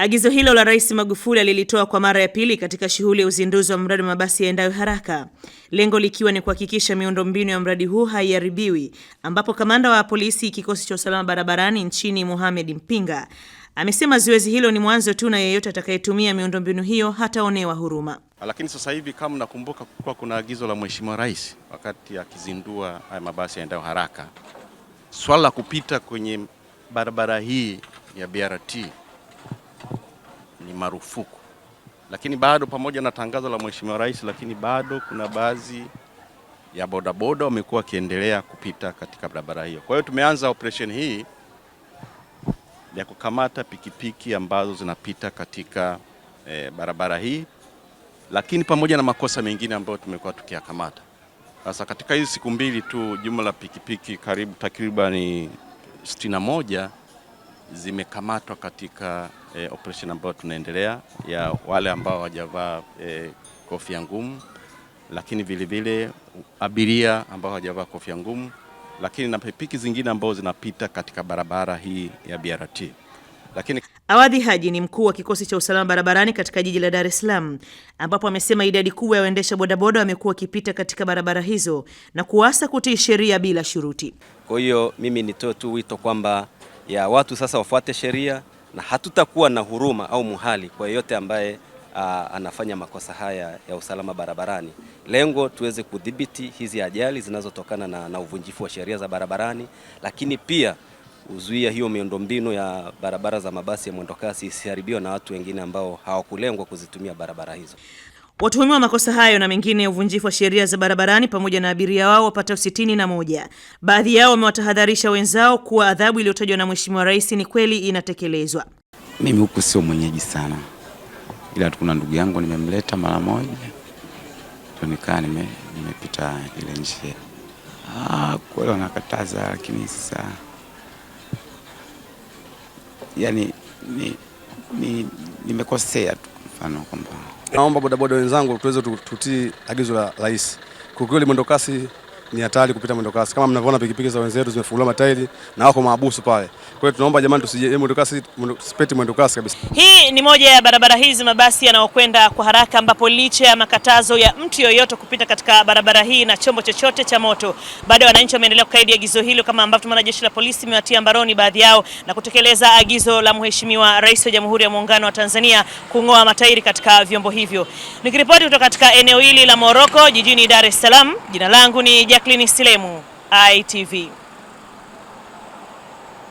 Agizo hilo la Rais Magufuli alilitoa kwa mara ya pili katika shughuli ya uzinduzi wa mradi wa mabasi yaendayo haraka, lengo likiwa ni kuhakikisha miundombinu ya mradi huu haiharibiwi, ambapo kamanda wa polisi kikosi cha usalama barabarani nchini Mohamed Mpinga amesema zoezi hilo ni mwanzo tu na yeyote atakayetumia miundombinu hiyo hataonewa huruma. Lakini sasa hivi kama nakumbuka, kulikuwa kuna agizo la Mheshimiwa Rais wakati akizindua haya mabasi yaendayo haraka, swala la kupita kwenye barabara hii ya BRT ni marufuku, lakini bado pamoja na tangazo la Mheshimiwa Rais, lakini bado kuna baadhi ya bodaboda wamekuwa wakiendelea kupita katika barabara hiyo. Kwa hiyo tumeanza operation hii ya kukamata pikipiki ambazo zinapita katika e, barabara hii, lakini pamoja na makosa mengine ambayo tumekuwa tukiyakamata. Sasa katika hizi siku mbili tu, jumla pikipiki karibu takribani 61 zimekamatwa katika e, operation ambayo tunaendelea ya wale ambao hawajavaa e, kofia ngumu, lakini vilevile abiria ambao hawajavaa kofia ngumu, lakini na pikipiki zingine ambazo zinapita katika barabara hii ya BRT. Lakini Awadhi Haji ni mkuu wa kikosi cha usalama barabarani katika jiji la Dar es Salaam, ambapo amesema idadi kubwa ya waendesha bodaboda wamekuwa wakipita katika barabara hizo na kuasa kutii sheria bila shuruti. Kwa hiyo mimi nitoe tu wito kwamba ya watu sasa wafuate sheria na hatutakuwa na huruma au muhali kwa yeyote ambaye a, anafanya makosa haya ya usalama barabarani. Lengo tuweze kudhibiti hizi ajali zinazotokana na, na uvunjifu wa sheria za barabarani, lakini pia kuzuia hiyo miundombinu ya barabara za mabasi ya mwendokasi isiharibiwe na watu wengine ambao hawakulengwa kuzitumia barabara hizo. Watuhumiwa makosa hayo na mengine ya uvunjifu wa sheria za barabarani pamoja na abiria wao wapatao sitini na moja. Baadhi yao wamewatahadharisha wenzao kuwa adhabu iliyotajwa na Mheshimiwa Rais ni kweli inatekelezwa. Mimi huku sio mwenyeji sana, ila kuna ndugu yangu nimemleta mara moja, nime, nimepita ile njia ah, kweli wanakataza, lakini sasa yani nimekosea ni, ni tu mfano kwamba naomba bodaboda wenzangu tuweze tutii agizo la rais, kwa kweli kasi ni hatari kupita mwendo kasi. Kama mnavyoona pikipiki za wenzetu zimefunguliwa matairi na wako maabusu pale. Kwa hiyo tunaomba jamani, tusije eh, mwendo kasi, tusipeti mwendo kasi kabisa. Hii ni moja ya barabara hizi mabasi yanayokwenda kwa haraka, ambapo licha ya makatazo ya mtu yoyote kupita katika barabara hii na chombo chochote cha moto, bado wananchi wameendelea kukaidi agizo hilo, kama ambavyo tumeona jeshi la polisi limewatia mbaroni baadhi yao na kutekeleza agizo la Mheshimiwa Rais wa Jamhuri ya Muungano wa Tanzania kung'oa matairi katika vyombo hivyo. Nikiripoti kutoka katika eneo hili la Moroko jijini Dar es Salaam, jina langu ni Jacqueline Silemu, ITV.